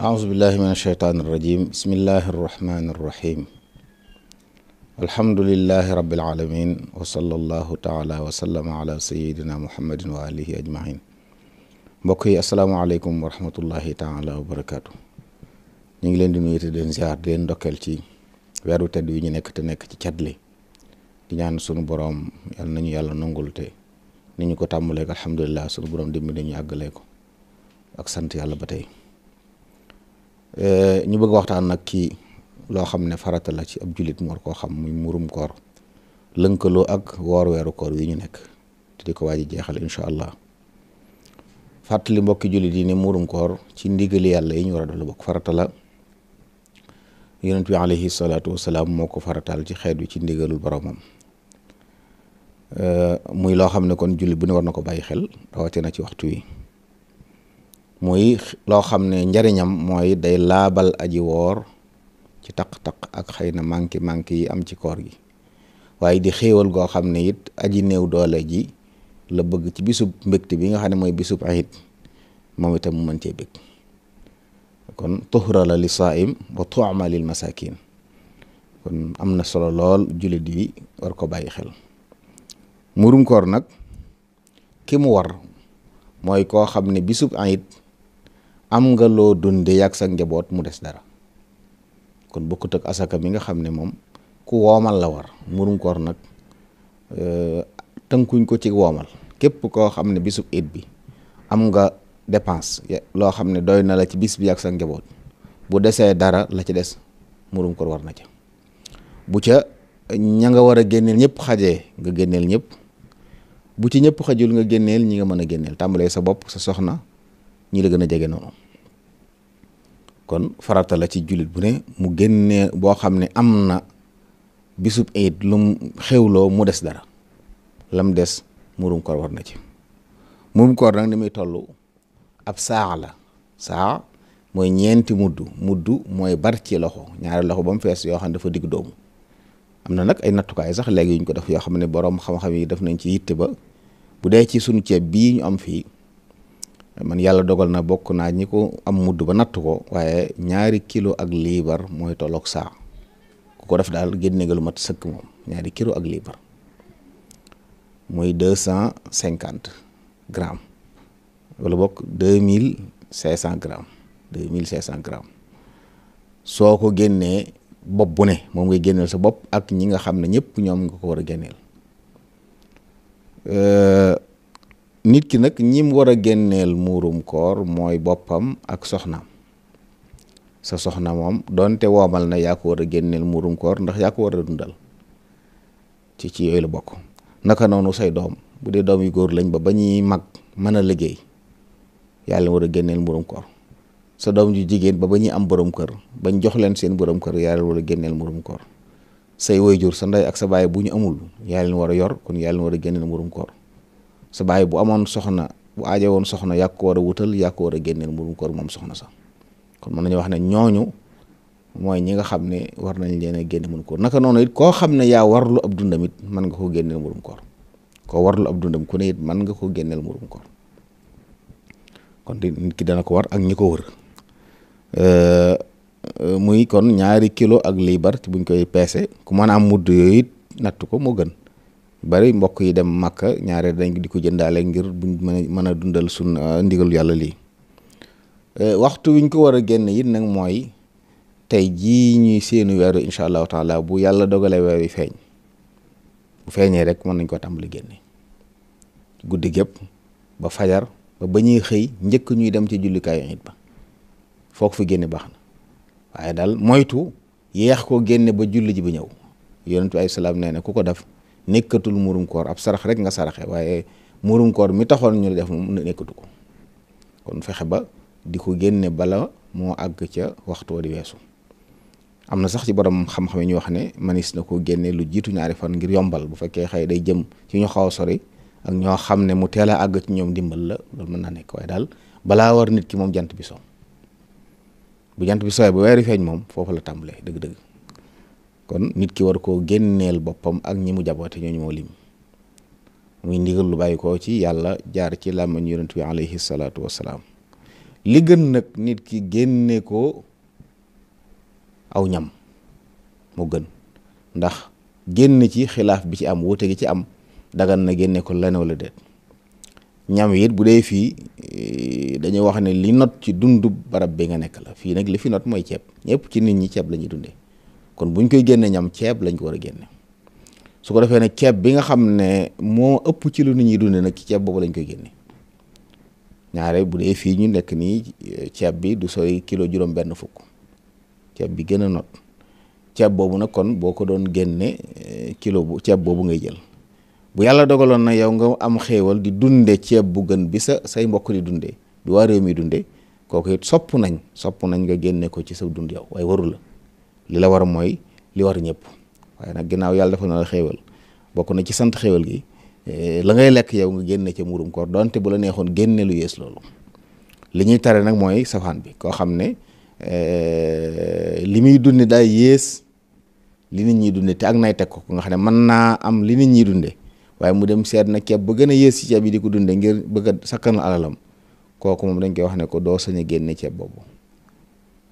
أعوذ بالله من الشيطان الرجيم بسم الله الرحمن الرحيم الحمد لله رب العالمين وصلى الله تعالى mbokk yi asalaamaaleykum wa rahmatullahi taala wa barakaatu ñu ngi leen di nuyu te di leen ziar di weeru tedd wi ñu nekk te nekk ci cat li di ñaan sunu borom yal nañu yàlla nangul te ni ñu ko tàmbalee alhamdulilah sunu borom dimbali nañu àggalee ko ak sant yàlla ba tey. Eh, ñu bëgg waxtaan nag kii loo xam ne farata la ci ab jullit mu war koo xam muy murum koor lënkaloo ak woor weeru koor wi ñu nekk te di ko waaj a jeexal incha allah fàttali mbokki jullit yi ne murum koor ci ndigali yàlla yi ñu war a doon bokk farata la yonent bi alayhi salaatu wasalaam moo ko farataal ci xeet wi ci ndigalul boromam eh, muy loo xam ne kon jullit bu ne war na ko bàyyi xel rawatina ci waxtu wi. muy loo xam ne njariñam mooy day laabal aji woor ci taq-taq ak xëy na manki manki yi am ci koor gi waaye di xéewal goo xam ne it aji néew doole ji la bëgg ci bisu mbégte bi nga xam ne mooy bisub ayit moom itam mu mën cee bég kon tuhra la li saaim wa tuama lil masakin kon am na solo lool jullit bi war ko bàyyi xel murum koor nag ki mu war mooy koo xam ne bisub ayit am nga loo dundee yàgg sa njaboot mu des dara kon bokkut ak asaka mi nga xam ne moom ku woomal la war murum koor nag euh, tënkuñ ko ci woomal képp koo xam ne bisub it bi am nga dépense loo xam ne doy na la ci bis bi yàgg sa ngeboot bu desee dara la ci des murum koor war na ca bu ca ña nga war a génneel ñëpp xajee nga génneel ñëpp bu ci ñëpp xajul nga génneel ñi nga mën a génneel tàmbalee sa bopp sa soxna. ñi la gën a jege noonu kon farata la ci jullit bu ne mu génnee boo xam ne am na bisub ayit lum xewloo mu des dara lam des murum koor war na ci murum koor nag ni muy toll ab saax la saa mooy ñeenti mudd mudd mooy bar ci loxo ñaari loxo ba mu fees yoo xam ne dafa digg doomu am na nag ay nattukaay sax léegi yuñ ko def yoo xam ne boroom xam-xam yi def nañ ci yitte ba bu dee ci sunu ceeb bii ñu am fii man yàlla dogal na bokk naa ñi ko am mudd ba natt ko waaye ñaari kilo ak liibar mooy tolloog saa ku ko def daal génne nga lu mat sëkk moom ñaari kilo ak liibar mooy deux cent cinquante gramme wala bokk deux mille cinq cent grammes deux mille cinq cent grammes soo ko génnee bopp bu ne moom ngay génneel sa bopp ak ñi nga xam ne ñëpp ñoom nga ko war a génneel. Euh, nit ki nag ñim war a génneel muurum koor mooy boppam ak soxnaam sa soxna moom donte woomal na yaa ko war a génneel muurum koor ndax yaa ko war a dundal ci ci yooyu la bokk naka noonu say doom bu dee doom yu góor lañ ba ba ñuy mag mën a liggéey yàlla war a génneel muurum koor sa doom ju jigéen ba ba ñuy am borom kër bañ jox leen seen borom kër yaa leen war a génneel muurum koor say wayjur sa ndey ak sa baay bu ñu amul yaa leen war a yor kon yaa war a génneel muurum koor sa baay bu amoon soxna bu aaje woon soxna yàq ko war a wutal yàq ko war a génneel mburum koor moom soxna sax kon mën nañu wax ne ñooñu mooy ñi nga xam ne war nañ leen a génne mburum koor naka noonu it koo xam ne yaa warlu ab dundam it mën nga ko génneel mburum koo warlu ab dundam ku ne it mën nga ko génneel mburum koor kon di nit ki dana ko war ak ñi ko wër muy kon ñaari kilo ak liibar ci buñ koy peese ku mën a am mudd yooyu it natt ko moo gën bari mbokk yi dem Makka ñaare dañ di ko jëndaale ngir buñ mën a mën a dundal sun uh, ndigalu yàlla lii uh, waxtu wiñ ko war a génn it nag mooy tey ji ñuy seenu weeru incha allahu taala bu yàlla dogalee weer wi feeñ bu feeñee rek mën nañ ko tàmbali génne guddi gépp ba fajar ba ba ñuy xëy njëkk ñuy dem ci jullikaayu it ba foog fi génne baax na waaye daal moytu yeex ko génne ba julli ji bi ñëw yonent bi ay salaam nee na ku ko def nekkatul murum koor ab sarax rek nga saraxe waaye murum koor mi taxoon ñu def moom nekkatu ko kon fexe ba di ko génne bala moo àgg ca waxtu wa di weesu am na sax ci borom xam-xam ñu wax ne manis na ko génne lu jiitu ñaari fan ngir yombal bu fekkee xëy day jëm ci ñu xaw a sori ak ñoo xam ne mu teel àgg ci ñoom dimbal la loolu mën naa nekk waaye daal balaa war nit ki moom jant bi so bu jant bi sowee ba weeri feeñ moom foofu la tàmbalee dëgg-dëgg kon nit ki war koo génneel boppam ak ñi mu jaboote ñooñu moo lim muy ndigal lu bàyyi koo ci yàlla jaar ci làmmañ yonent bi alayhi salaatu wassalaam li gën nag nit ki génne ko aw ñam moo gën ndax génn ci xilaaf bi ci am wuute gi ci am dagan na génne ko leneen wala déet ñam it bu dee fii eh, dañuy wax ne li not ci dundu barab bi nga nekk la fii nag li fi not mooy ceeb ñëpp ci nit ñi ceeb la ñuy dundee kon buñ koy génne ñam ceeb lañ ko war a génne su ko defee ne ceeb bi nga xam ne moo ëpp ci lu nit ñi dunde nag ci ceeb boobu lañ koy génne ñaare bu ñu nekk nii eh, ceeb bi du sooy kilo juróom benn fukk ceeb bi gën a not ceeb boobu nag kon boo ko doon génne eh, kilo bu ceeb boobu ngay jël bu yàlla dogaloon na yow nga am xéewal di dunde ceeb bu gën bi sa say mbokk di dundee bi waa réew mi dunde kooku it sopp nañ sopp nañ nga génne ko ci sa dund yow waaye waru la li la war mooy li war ñëpp waaye nag ginnaaw yàlla dafa na la xéewal bokk na ci sant xéewal gi eh, la ngay lekk yow nga génne ca muurum donte bu la neexoon génne lu yées loolu li ñuy tare nag mooy safaan bi koo xam ne eh, li muy dunde daay yées li nit ñiy dunde te ak nay teg ko nga xam ne man naa am li nit ñiy dunde waaye mu dem seet na ceeb ba gën a yées ci ceeb yi di ko dunde ngir bëgg a sakkanal alalam kooku moom dañ koy wax ne ko doo sañ a génne ceeb boobu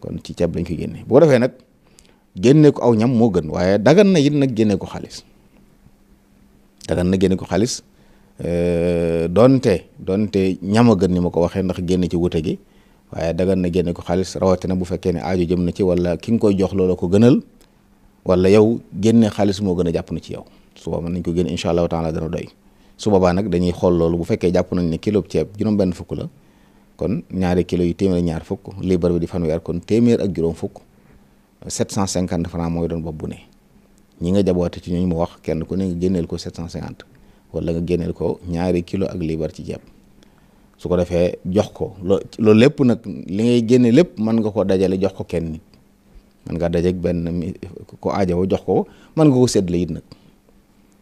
kon ci ceeb lañ ko génne boo defee nag génne ko aw ñam moo gën waaye dagan na it nag génne ko xaalis dagan na génne ko xaalis euh, donte donte ñam a gën ni ma ko waxee ndax génn ci wute gi waaye dagan na génne ko xaalis rawatina bu fekkee ne aajo jëm na ci wala ki nga koy jox loola ko gënal wala yow génne xaalis moo gën a jàpp na ci yow suba mën nañ ko génne allah allahu taala dana doy su boobaa nag dañuy xool loolu bu fekkee jàpp nañ ni kilo ceeb juróom-benn fukk la kon ñaari kilo yi téeméer ñaar fukk liibar bi di fanweer kon téeméer ak juróom fukk cinquante francs mooy doon bopp bu ne ñi nga jaboote ci ñooñu mu wax kenn ku ne nga génneel ko 750 wala nga génneel ko ñaari kilo ak liibar ci ceeb su ko defee jox ko loo loolu lépp nag li ngay génne lépp mën nga ko dajale jox ko kenn nit mën nga dajeeg benn ko aajawo jox ko mën nga ko it nag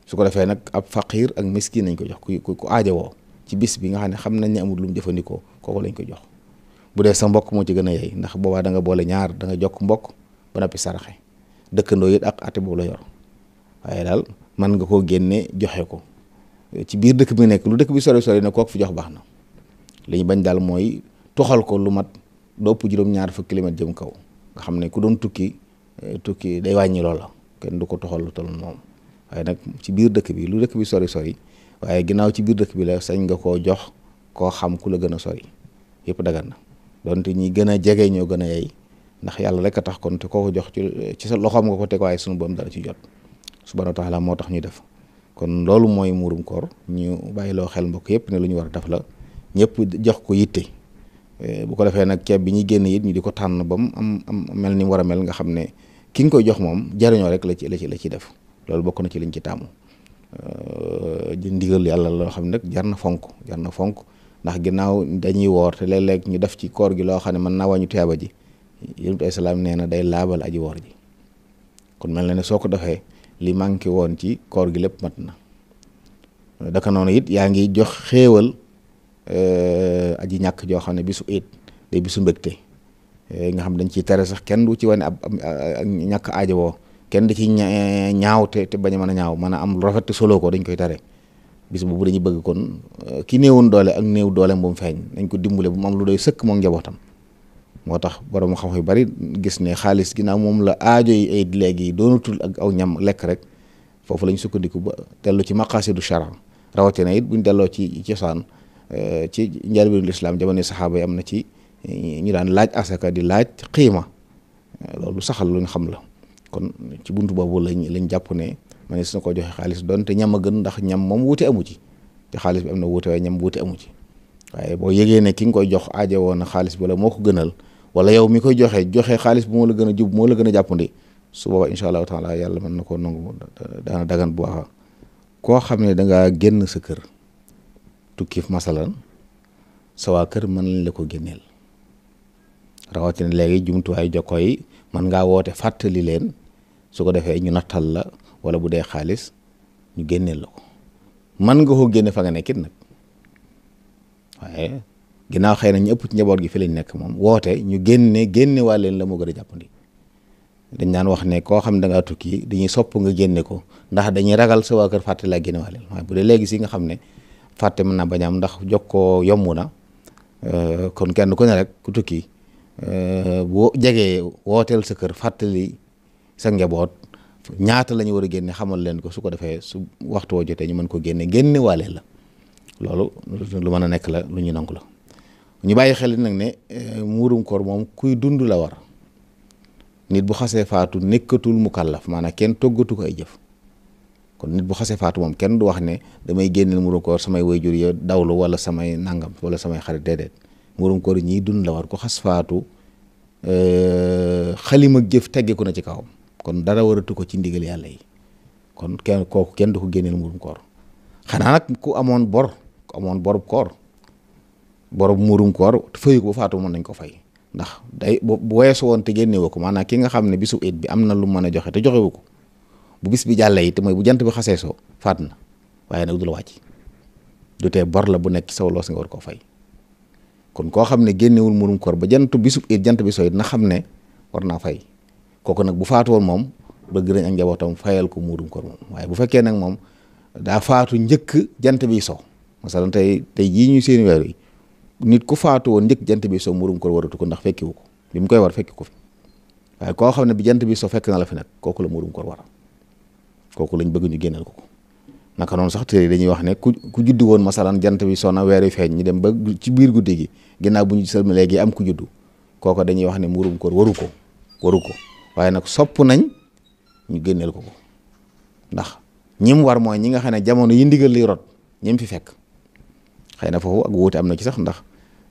su ko defee nag ab faqiir ak miskin nañ ko jox ku ku aajawoo ci bis bi nga xam ne xam nañ ne amul lu mu jëfandikoo kooku lañ ko jox bu dee sa mbokk moo ci gën a yey ndax boobaa da nga boole ñaar da nga jokk mbokk ba noppi saraxe dëkkandoo yit ak ati boobu la yor waaye daal man nga koo génne joxe ko ci biir dëkk bi nekk lu dëkk bi sori sori ne kook fi jox baax na li ñu bañ daal mooy toxal ko lu mat dopp juróom-ñaar fukki kilomètre jëm kaw nga xam ne ku doon tukki eh, tukki day wàññi loola kenn du ko toxal lu toll moom waaye nag ci biir dëkk bi lu dëkk bi sori sori waaye ginnaaw biir dëkk bi la sañ nga koo jox koo xam ku la gën a sori yépp dagan na donte ñi gën a jege ñoo gën a yey ndax yàlla rek a tax kon te koo ko jox ci ci sa loxoom nga ko teg waaye sunu boom dara ci jot subhaanahu wa taala moo tax ñu def kon loolu mooy muurum koor ñu bàyyiloo xel mbokk yëpp ne lu ñu war a def la ñëpp jox ko yitte eh, bu ko defee nag ceeb bi ñuy génn it ñu di ko tànn ba mu am am mel ni mu war a mel nga xam ne ki nga koy jox moom jariñoo rek la ci la ci la ci def loolu bokk na ci liñ ci taamu eh, ndigal yàlla loo xam ne rek jar na fonk jar na fonk ndax ginnaaw dañuy woor te léeg ñu def ci koor gi loo xam ne mën naa wàññi tuyaaba ji yonent salaam nee na day laabal aji woor ji kon mel na ne soo ko defee li manqué woon ci koor gi lépp mat na daka noonu it yaa ngi jox xéewal euh, aji ñàkk joo xam ne bisu it day bisu mbégte euh, nga xam dañ ciy tere sax kenn du ci wane ab ñàkk aajowoo kenn da ciy ñaaw te te bañ mën a ñaaw mën a am rafet te ko dañ koy tare bis boobu dañuy bëgg kon euh, ki néewoon doole ak néew doole bu mu feeñ dañ ko dimbale bu mu am lu doy sëkk moom tam moo tax borom xam-xam yu bari gis ne xaalis ginnaaw moom la aajo yi ay léegi doonatul ak aw ñam lekk rek foofu lañ sukkandiku ba dellu ci maqaasidu shara rawatina it buñ delloo ci cosaan eh, ci njëlbéenu lislaam jamono saxaaba yi am na ci eh, ñu daan laaj asaka di laaj xiima eh, loolu saxal lu xam la kon ci buntu boobu lañ lañ jàpp ne man su na ko joxee xaalis doon te ñam a gën ndax ñam moom wuute amu ci te xaalis bi am na wuute waaye ñam wuute amu ci waaye boo yëgee ne ki nga koy jox aajo woon na xaalis bi moo ko gënal wala yow mi koy joxe joxe xaalis bu moo la gën a jub moo la gën a jàppandi su boobaa incha allahu taala yàlla mën na koo nangu daana dagan bu baax koo xam ne dangaa génn sa kër tukki fu masalan sa waa kër mën lañ la ko génneel rawatina léegi jumtuwaay jokkoo yi mën ngaa woote fàttali leen su ko defee ñu nattal la wala bu dee xaalis ñu génneel la ko mën nga koo génne fa nga nekkit nag waaye ginnaaw xëy na ñu ëpp ci njaboot gi fi lañ nekk moom woote ñu génne génne waa la moo gën a jàppandi dañ naan wax ne koo xam ne da ngaa tukki sopp nga génne ko ndax dañuy ragal sa waa kër fàtte laa génne waa leen waaye léegi si nga xam ne fàtte mën naa bañ am ndax jokkoo yomb na euh, kon kenn ku ne rek ku tukki euh, boo jegee wooteel sa kër fàttali sa njaboot ñaata la ñu war a génne xamal leen ko su ko defee su waxtu jotee ñu mën ko génne génne waa la loolu lu mën a nekk la lu ñu nangu la. ñu bàyyi xel nag ne euh, muurum koor moom kuy dund la war nit bu xasee faatu nekkatul mu kàllaf maanaam kenn toggatu ko ay jëf kon nit bu xasee faatu moom kenn du wax ne damay génneel muurum koor samay wayjur ya dawlu wala samay nangam wala samay xarit déedéet yi ñiy dund la war ku xas faatu euh, xalima jëf teggeeku na ci kawam kon dara waratu ko ci ndigal yàlla yi kon kenn kooku kenn du ko génneel muurum koor xanaa nag ku amoon bor ku amoon bor koor. borom muurum koor ko faatu mën nañ ko fay ndax day bu weesu woon te génnewu ko maanaam ki nga xam ne bisu it bi am na lu mën a joxe joxewu ko bu bis bi jàllee it mooy bu jant bi xasee soo faat na waaye nag du la wàcc du tee bor la bu nekk ci saw loos koo fay kon koo xam ne génnewul muurum ba jant bisu it jant bi soo it xam ne war naa fay kooku nag bu faatu woon moom bëgg nañ ak njabootam fayal ko muurum koor moom waaye bu fekkee nag moom daa faatu njëkk jant bi soo masalan tey tey jii ñu seen weer yi nit ku faatu woon njëkk jant bi so murum ko waratu ko ndax fekkiwu ko bi mu koy war fekki ko fi waaye koo xam ne bi jant bi soo fekk na la fi nag kooku la murum ko war kooku lañ bëgg ñu génneel ko ko naka noonu sax téere dañuy wax ne ku ku juddu woon masalan jant bi so na weer wi ñu dem ba ci biir guddi gi ginnaaw bu ñu sëlmi léegi am ku juddu kooku dañuy wax ne murum ko waru ko waru ko waaye nag sopp nañ ñu génneel ko ko ndax ñim war mooy ñi nga xam ne jamono yi ndigal li rot ñim fi fekk xëy na foofu ak wuute am na ci sax ndax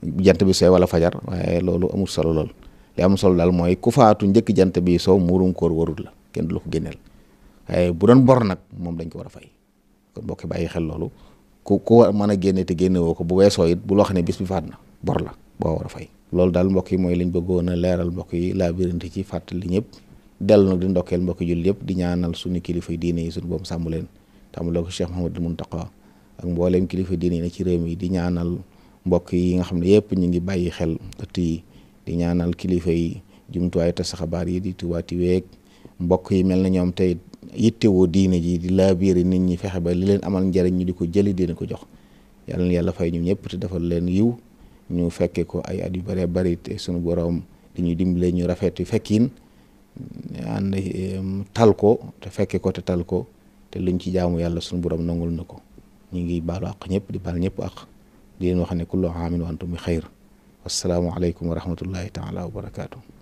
jant bi sooy wala fajar waaye loolu amul solo lool li am solo daal mooy ku faatu njëkk jant bi soo muurum koor warut la kenn du la ko génneel waaye bu doon bor nag moom dañ ko war a fay kon mbokk bàyyi xel loolu ku ku mën a génne te génne woo ko bu weesoo it bu loo xam ne bis bi faat na bor la boo fay. loolu daal mbokk yi mooy lañ bëggoon a leeral mbokk yi laabirante ci fàttali ñëpp dellu nag di ndokkeel mbokk jullit yëpp di ñaanal suñu kilifa diine yi suñu boobu sàmmu leen tàmbalee ko mun Mouhamadou Mountakha ak mbooleem kilifa diine yi na ci réew mi di ñaanal mbokk yi nga xam ne yëpp ñu ngi bàyyi xel ëtt di ñaanal kilifa yi jumtuwaay tas xabaar yi di Touba TV ak mbokk yi mel na ñoom tey yittewoo diine ji di laabiire nit ñi fexe ba li leen amal njariñ ñu di ko jëli dina ko jox yàlla na fay ñu ñëpp te defal leen yiw ñu fekke ko ay at yu bëree bëri te sunu borom di ñu ñu rafet yu fekkin ànd ko te fekke ko te tal ko te luñ ci jaamu yàlla sunu borom nangul na ko ñu ngi baalu àq ñëpp di baal ñëpp àq. di leen wax ne kullu aamin wa antum bi xayr wasalaamualeykum wa rahmatullahi taala wa barakaatu.